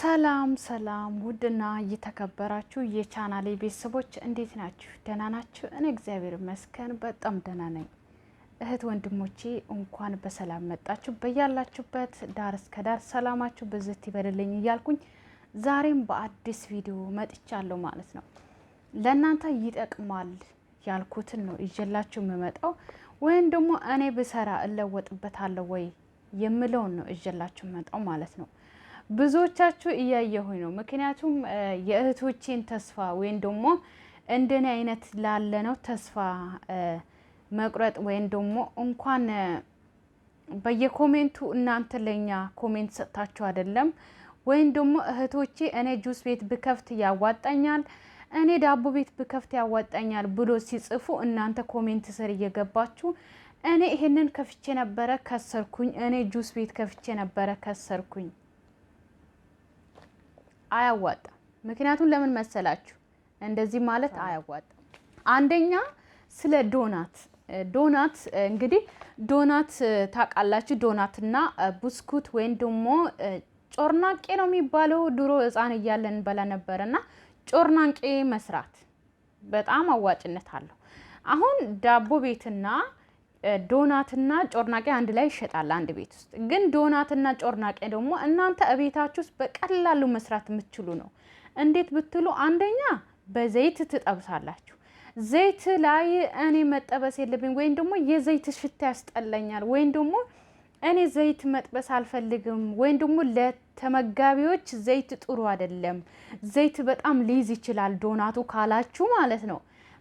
ሰላም ሰላም ውድና እየተከበራችሁ የቻናሌ ቤተሰቦች እንዴት ናችሁ? ደህና ናችሁ? እኔ እግዚአብሔር ይመስገን በጣም ደህና ነኝ። እህት ወንድሞቼ እንኳን በሰላም መጣችሁ። በያላችሁበት ዳር እስከ ዳር ሰላማችሁ ብዝት ይበልልኝ እያልኩኝ ዛሬም በአዲስ ቪዲዮ መጥቻለሁ ማለት ነው። ለእናንተ ይጠቅማል ያልኩትን ነው ይዤላችሁ የምመጣው ወይም ደግሞ እኔ ብሰራ እለወጥበታለሁ ወይ የምለውን ነው እጀላችሁ የምመጣው ማለት ነው። ብዙዎቻችሁ እያየሁኝ ነው። ምክንያቱም የእህቶቼን ተስፋ ወይም ደግሞ እንደኔ አይነት ላለነው ተስፋ መቁረጥ ወይም ደግሞ እንኳን በየኮሜንቱ እናንተ ለኛ ኮሜንት ሰጥታችሁ አይደለም ወይም ደግሞ እህቶቼ እኔ ጁስ ቤት ብከፍት ያዋጣኛል፣ እኔ ዳቦ ቤት ብከፍት ያዋጣኛል ብሎ ሲጽፉ እናንተ ኮሜንት ስር እየገባችሁ እኔ ይሄንን ከፍቼ ነበረ ከሰርኩኝ፣ እኔ ጁስ ቤት ከፍቼ ነበረ ከሰርኩኝ አያዋጣም። ምክንያቱም ለምን መሰላችሁ? እንደዚህ ማለት አያዋጣም። አንደኛ ስለ ዶናት ዶናት እንግዲህ ዶናት ታውቃላችሁ። ዶናትና ብስኩት ወይም ደግሞ ጮርናቄ ነው የሚባለው። ድሮ ህፃን እያለን በላ ነበረ እና ጮርናቄ መስራት በጣም አዋጭነት አለው። አሁን ዳቦ ቤትና ዶናትና ጮርናቄ አንድ ላይ ይሸጣል አንድ ቤት ውስጥ። ግን ዶናትና ጮርናቄ ደግሞ እናንተ እቤታችሁ ውስጥ በቀላሉ መስራት የምትችሉ ነው። እንዴት ብትሉ አንደኛ በዘይት ትጠብሳላችሁ። ዘይት ላይ እኔ መጠበስ የለብኝ ወይም ደግሞ የዘይት ሽታ ያስጠላኛል ወይም ደግሞ እኔ ዘይት መጥበስ አልፈልግም ወይም ደግሞ ለተመጋቢዎች ዘይት ጥሩ አይደለም፣ ዘይት በጣም ሊይዝ ይችላል ዶናቱ ካላችሁ ማለት ነው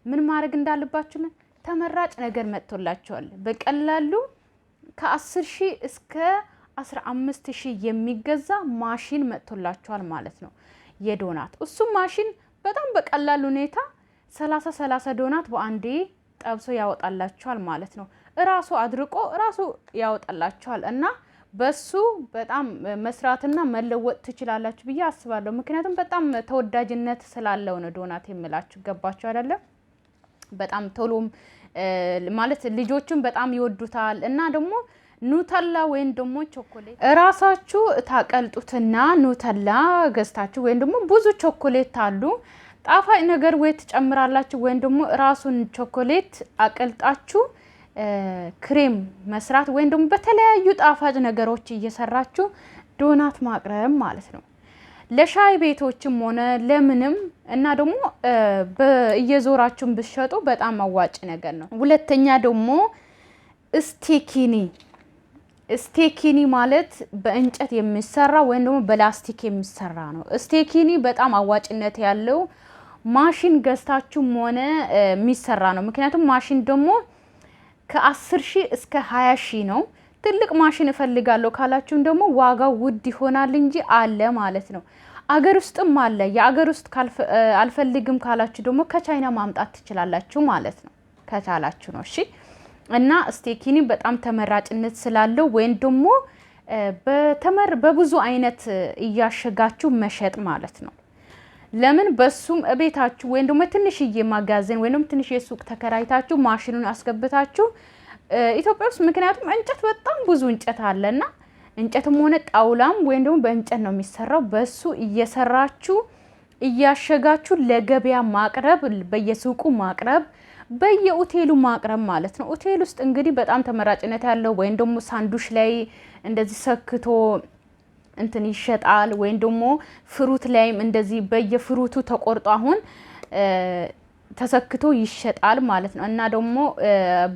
ምን ማድረግ እንዳለባችሁ ተመራጭ ነገር መጥቶላቸዋል። በቀላሉ ከ10 ሺህ እስከ 15 ሺህ የሚገዛ ማሽን መጥቶላቸዋል ማለት ነው። የዶናት እሱም ማሽን በጣም በቀላል ሁኔታ 30 30 ዶናት በአንዴ ጠብሶ ያወጣላቸዋል ማለት ነው። እራሱ አድርቆ እራሱ ያወጣላቸዋል እና በሱ በጣም መስራትና መለወጥ ትችላላችሁ ብዬ አስባለሁ። ምክንያቱም በጣም ተወዳጅነት ስላለው ነው ዶናት የምላችሁ። ገባችሁ አይደለም? በጣም ቶሎም ማለት ልጆቹን በጣም ይወዱታል እና ደግሞ ኑተላ ወይም ደግሞ ቾኮሌት እራሳችሁ ታቀልጡትና ኑተላ ገዝታችሁ ወይም ደግሞ ብዙ ቾኮሌት አሉ ጣፋጭ ነገር ወይ ትጨምራላችሁ ወይም ደግሞ ራሱን ቾኮሌት አቀልጣችሁ ክሬም መስራት ወይም ደግሞ በተለያዩ ጣፋጭ ነገሮች እየሰራችሁ ዶናት ማቅረብ ማለት ነው። ለሻይ ቤቶችም ሆነ ለምንም እና ደግሞ እየዞራችሁን ብትሸጡ በጣም አዋጭ ነገር ነው። ሁለተኛ ደግሞ ስቴኪኒ ስቴኪኒ ማለት በእንጨት የሚሰራ ወይም ደግሞ በላስቲክ የሚሰራ ነው። ስቴኪኒ በጣም አዋጭነት ያለው ማሽን ገዝታችሁም ሆነ የሚሰራ ነው። ምክንያቱም ማሽን ደግሞ ከአስር ሺህ እስከ ሀያ ሺህ ነው። ትልቅ ማሽን እፈልጋለሁ ካላችሁም ደግሞ ዋጋው ውድ ይሆናል እንጂ አለ ማለት ነው። አገር ውስጥም አለ። የአገር ውስጥ አልፈልግም ካላችሁ ደግሞ ከቻይና ማምጣት ትችላላችሁ ማለት ነው፣ ከቻላችሁ ነው። እሺ እና ስቴኪኒ በጣም ተመራጭነት ስላለው ወይም ደግሞ በተመር በብዙ አይነት እያሸጋችሁ መሸጥ ማለት ነው። ለምን በሱም እቤታችሁ ወይም ደግሞ ትንሽዬ ማጋዘን ወይም ትንሽ ሱቅ ተከራይታችሁ ማሽኑን አስገብታችሁ ኢትዮጵያ ውስጥ ምክንያቱም እንጨት በጣም ብዙ እንጨት አለ እና እንጨትም ሆነ ጣውላም ወይም ደግሞ በእንጨት ነው የሚሰራው። በሱ እየሰራችሁ እያሸጋችሁ ለገበያ ማቅረብ፣ በየሱቁ ማቅረብ፣ በየሆቴሉ ማቅረብ ማለት ነው። ሆቴል ውስጥ እንግዲህ በጣም ተመራጭነት ያለው ወይም ደግሞ ሳንዱሽ ላይ እንደዚህ ሰክቶ እንትን ይሸጣል። ወይም ደግሞ ፍሩት ላይም እንደዚህ በየፍሩቱ ተቆርጦ አሁን ተሰክቶ ይሸጣል ማለት ነው። እና ደግሞ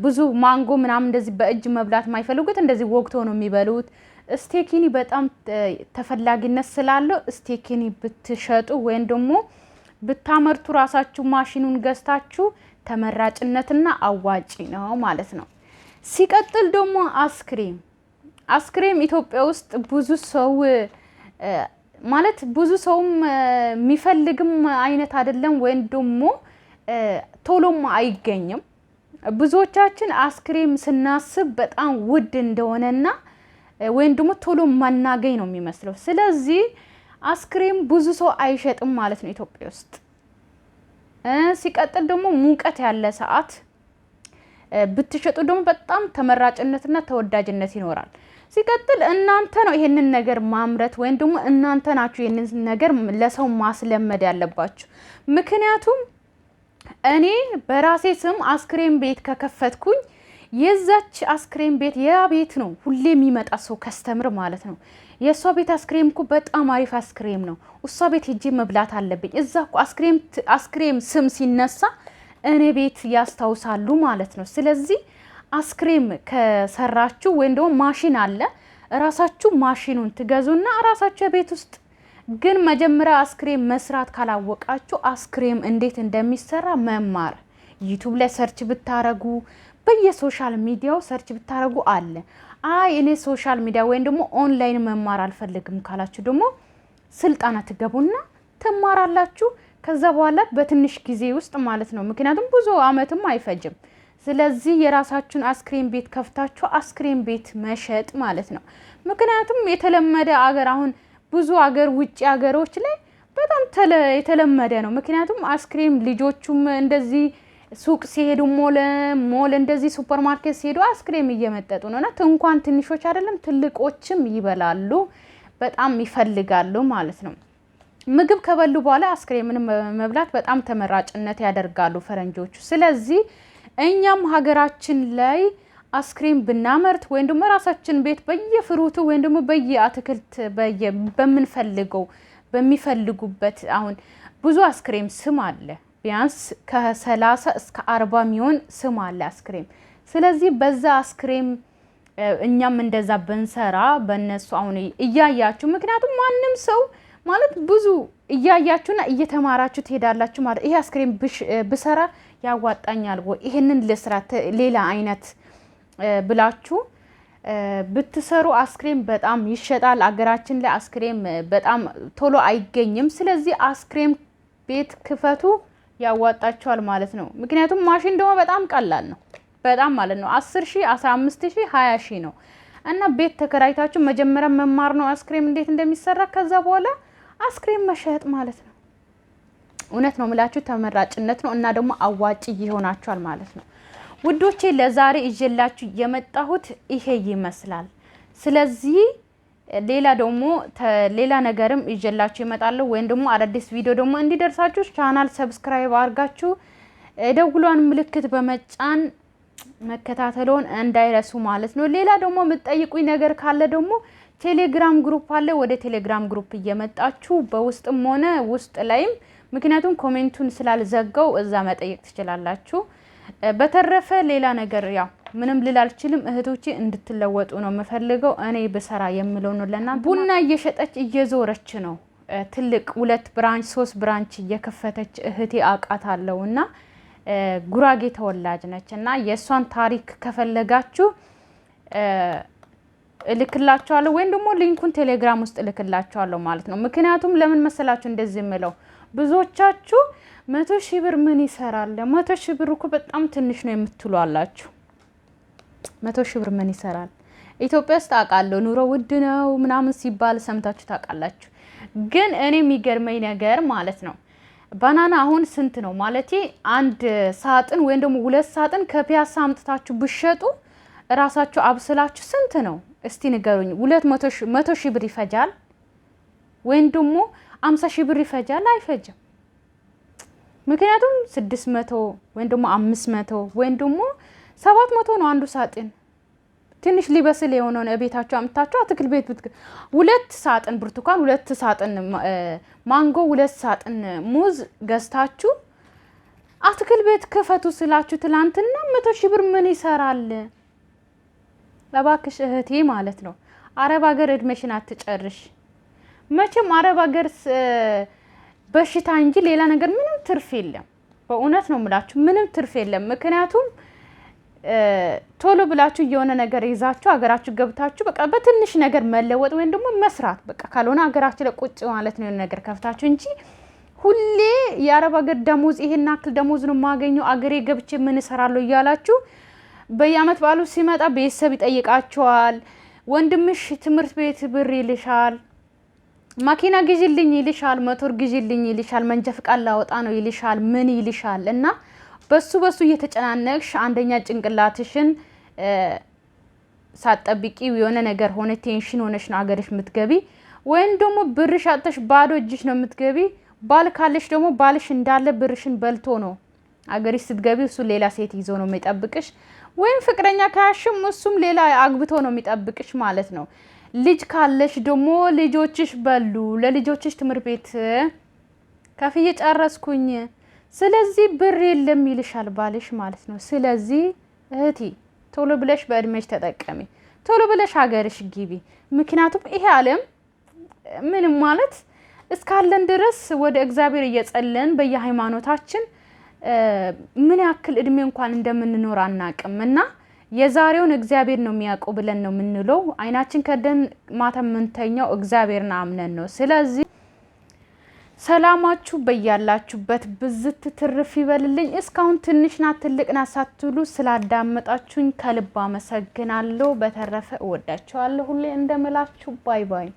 ብዙ ማንጎ ምናምን እንደዚህ በእጅ መብላት የማይፈልጉት እንደዚህ ወቅቶ ነው የሚበሉት። ስቴኪኒ በጣም ተፈላጊነት ስላለው ስቴኪኒ ብትሸጡ ወይም ደግሞ ብታመርቱ ራሳችሁ ማሽኑን ገዝታችሁ ተመራጭነትና አዋጪ ነው ማለት ነው። ሲቀጥል ደግሞ አስክሬም አስክሬም ኢትዮጵያ ውስጥ ብዙ ሰው ማለት ብዙ ሰውም የሚፈልግም አይነት አይደለም ወይም ደግሞ ቶሎም አይገኝም። ብዙዎቻችን አስክሬም ስናስብ በጣም ውድ እንደሆነና ወይም ደግሞ ቶሎ ማናገኝ ነው የሚመስለው። ስለዚህ አስክሬም ብዙ ሰው አይሸጥም ማለት ነው ኢትዮጵያ ውስጥ። ሲቀጥል ደግሞ ሙቀት ያለ ሰዓት ብትሸጡ ደግሞ በጣም ተመራጭነትና ተወዳጅነት ይኖራል። ሲቀጥል እናንተ ነው ይሄንን ነገር ማምረት ወይም ደግሞ እናንተ ናችሁ ይሄንን ነገር ለሰው ማስለመድ ያለባችሁ ምክንያቱም እኔ በራሴ ስም አስክሬን ቤት ከከፈትኩኝ የዛች አስክሬን ቤት ያ ቤት ነው ሁሌ የሚመጣ ሰው ከስተምር ማለት ነው። የእሷ ቤት አስክሬም እኮ በጣም አሪፍ አስክሬም ነው። እሷ ቤት ሄጄ መብላት አለብኝ። እዛ እኮ አስክሬም ስም ሲነሳ እኔ ቤት ያስታውሳሉ ማለት ነው። ስለዚህ አስክሬም ከሰራችሁ ወይም ደግሞ ማሽን አለ፣ እራሳችሁ ማሽኑን ትገዙና እራሳችሁ ቤት ውስጥ ግን መጀመሪያ አስክሬም መስራት ካላወቃችሁ አስክሬም እንዴት እንደሚሰራ መማር ዩቱብ ላይ ሰርች ብታረጉ በየሶሻል ሚዲያው ሰርች ብታረጉ አለ። አይ እኔ ሶሻል ሚዲያ ወይም ደግሞ ኦንላይን መማር አልፈልግም ካላችሁ ደግሞ ስልጠና ትገቡና ትማራላችሁ። ከዛ በኋላ በትንሽ ጊዜ ውስጥ ማለት ነው። ምክንያቱም ብዙ አመትም አይፈጅም። ስለዚህ የራሳችሁን አስክሬም ቤት ከፍታችሁ አስክሬም ቤት መሸጥ ማለት ነው። ምክንያቱም የተለመደ አገር አሁን ብዙ አገር ውጭ ሀገሮች ላይ በጣም የተለመደ ነው። ምክንያቱም አይስክሪም ልጆቹም እንደዚህ ሱቅ ሲሄዱ ሞል ሞል እንደዚህ ሱፐር ማርኬት ሲሄዱ አስክሬም እየመጠጡ ነው እና እንኳን ትንሾች አይደለም ትልቆችም ይበላሉ፣ በጣም ይፈልጋሉ ማለት ነው። ምግብ ከበሉ በኋላ አይስክሬምን መብላት በጣም ተመራጭነት ያደርጋሉ ፈረንጆቹ። ስለዚህ እኛም ሀገራችን ላይ አስክሬም ብናመርት ወይም ደግሞ ራሳችን ቤት በየፍሩቱ ወይም ደግሞ በየአትክልት በምንፈልገው በሚፈልጉበት አሁን ብዙ አስክሬም ስም አለ። ቢያንስ ከሰላሳ እስከ አርባ የሚሆን ስም አለ አስክሬም። ስለዚህ በዛ አስክሬም እኛም እንደዛ ብንሰራ በእነሱ አሁን እያያችሁ ምክንያቱም ማንም ሰው ማለት ብዙ እያያችሁና እየተማራችሁ ትሄዳላችሁ ማለት ይሄ አስክሬም ብሰራ ያዋጣኛል ወይ ይሄንን ልስራ ሌላ አይነት ብላችሁ ብትሰሩ አስክሬም በጣም ይሸጣል። አገራችን ላይ አስክሬም በጣም ቶሎ አይገኝም። ስለዚህ አስክሬም ቤት ክፈቱ፣ ያዋጣችኋል ማለት ነው። ምክንያቱም ማሽን ደግሞ በጣም ቀላል ነው። በጣም ማለት ነው አስር ሺህ አስራ አምስት ሺህ ሀያ ሺህ ነው እና ቤት ተከራይታችሁ መጀመሪያ መማር ነው አስክሬም እንዴት እንደሚሰራ ከዛ በኋላ አስክሬም መሸጥ ማለት ነው። እውነት ነው ምላችሁ ተመራጭነት ነው እና ደግሞ አዋጭ ይሆናችኋል ማለት ነው። ውዶቼ ለዛሬ እጀላችሁ የመጣሁት ይሄ ይመስላል። ስለዚህ ሌላ ደግሞ ሌላ ነገርም እጀላችሁ ይመጣለሁ፣ ወይም ደግሞ አዳዲስ ቪዲዮ ደግሞ እንዲደርሳችሁ ቻናል ሰብስክራይብ አድርጋችሁ ደውሏን ምልክት በመጫን መከታተለውን እንዳይረሱ ማለት ነው። ሌላ ደግሞ የምትጠይቁኝ ነገር ካለ ደግሞ ቴሌግራም ግሩፕ አለ። ወደ ቴሌግራም ግሩፕ እየመጣችሁ በውስጥም ሆነ ውስጥ ላይም ምክንያቱም ኮሜንቱን ስላልዘጋው እዛ መጠየቅ ትችላላችሁ። በተረፈ ሌላ ነገር ያው ምንም ልል አልችልም። እህቶቼ እንድትለወጡ ነው የምፈልገው። እኔ ብሰራ የምለው ነው። ለና ቡና እየሸጠች እየዞረች ነው። ትልቅ ሁለት ብራንች ሶስት ብራንች እየከፈተች እህቴ አለው እና ጉራጌ ተወላጅ ነች እና የእሷን ታሪክ ከፈለጋችሁ እልክላችኋለሁ ወይም ደግሞ ሊንኩን ቴሌግራም ውስጥ እልክላችኋለሁ ማለት ነው። ምክንያቱም ለምን መሰላችሁ እንደዚህ የምለው ብዙዎቻችሁ መቶ ሺህ ብር ምን ይሰራል? መቶ ሺህ ብር እኮ በጣም ትንሽ ነው የምትሉ አላችሁ። መቶ ሺህ ብር ምን ይሰራል? ኢትዮጵያ ውስጥ አውቃለሁ ኑሮ ውድ ነው ምናምን ሲባል ሰምታችሁ ታውቃላችሁ። ግን እኔ የሚገርመኝ ነገር ማለት ነው ባናና አሁን ስንት ነው ማለት አንድ ሳጥን ወይም ደግሞ ሁለት ሳጥን ከፒያሳ አምጥታችሁ ብሸጡ እራሳችሁ አብስላችሁ ስንት ነው እስቲ ንገሩኝ። ሁለት መቶ ሺህ ብር ይፈጃል ወይም ደግሞ አምሳ ሺህ ብር ይፈጃል አይፈጅም? ምክንያቱም ስድስት መቶ ወይም ደግሞ አምስት መቶ ወይም ደግሞ ሰባት መቶ ነው አንዱ ሳጥን ትንሽ ሊበስል የሆነውን እቤታቸው አምታቸው አትክል ቤት ሁለት ሳጥን ብርቱካን፣ ሁለት ሳጥን ማንጎ፣ ሁለት ሳጥን ሙዝ ገዝታችሁ አትክል ቤት ክፈቱ ስላችሁ ትላንትና መቶ ሺህ ብር ምን ይሰራል? እባክሽ እህቴ ማለት ነው። አረብ ሀገር እድሜሽን አትጨርሽ። መቼም አረብ ሀገር በሽታ እንጂ ሌላ ነገር ምንም ትርፍ የለም። በእውነት ነው የምላችሁ፣ ምንም ትርፍ የለም። ምክንያቱም ቶሎ ብላችሁ የሆነ ነገር ይዛችሁ ሀገራችሁ ገብታችሁ በቃ በትንሽ ነገር መለወጥ ወይም ደግሞ መስራት በቃ ካልሆነ ሀገራችሁ ለቁጭ ማለት ነው የሆነ ነገር ከፍታችሁ እንጂ ሁሌ የአረብ ሀገር ደሞዝ ይሄን አክል ደሞዝ ነው የማገኘው አገሬ ገብቼ ምን እሰራለሁ እያላችሁ በየአመት በዓሉ ሲመጣ ቤተሰብ ይጠይቃችኋል። ወንድምሽ ትምህርት ቤት ብር ይልሻል መኪና ግዢልኝ ይልሻል፣ ሞተር ግዢልኝ ይልሻል፣ መንጃ ፍቃድ ላወጣ ነው ይልሻል፣ ምን ይልሻል። እና በሱ በሱ እየተጨናነቅሽ አንደኛ ጭንቅላትሽን ሳትጠብቂ የሆነ ነገር ሆነ ቴንሽን ሆነሽ ነው ሀገርሽ የምትገቢ፣ ወይም ደግሞ ብርሽ አጥተሽ ባዶ እጅሽ ነው የምትገቢ። ባል ካለሽ ደግሞ ባልሽ እንዳለ ብርሽን በልቶ ነው አገሪሽ ስትገቢ እሱ ሌላ ሴት ይዞ ነው የሚጠብቅሽ። ወይም ፍቅረኛ ከያሽም እሱም ሌላ አግብቶ ነው የሚጠብቅሽ ማለት ነው። ልጅ ካለሽ ደግሞ ልጆችሽ በሉ ለልጆችሽ ትምህርት ቤት ከፍዬ ጨረስኩኝ፣ ስለዚህ ብር የለም ይልሻል ባልሽ ማለት ነው። ስለዚህ እህቲ ቶሎ ብለሽ በእድሜሽ ተጠቀሚ፣ ቶሎ ብለሽ ሀገርሽ ግቢ። ምክንያቱም ይሄ ዓለም ምንም ማለት እስካለን ድረስ ወደ እግዚአብሔር እየጸለን በየሃይማኖታችን ምን ያክል እድሜ እንኳን እንደምንኖር አናቅም እና የዛሬውን እግዚአብሔር ነው የሚያውቀው ብለን ነው የምንለው። አይናችን ከደን ማታ የምንተኛው እግዚአብሔርን አምነን ነው። ስለዚህ ሰላማችሁ በያላችሁበት ብዝት ትርፍ ይበልልኝ። እስካሁን ትንሽ ናት ትልቅ ናት ሳትሉ ስላዳመጣችሁኝ ከልብ አመሰግናለሁ። በተረፈ እወዳችኋለሁ ሁሌ እንደምላችሁ። ባይ ባይ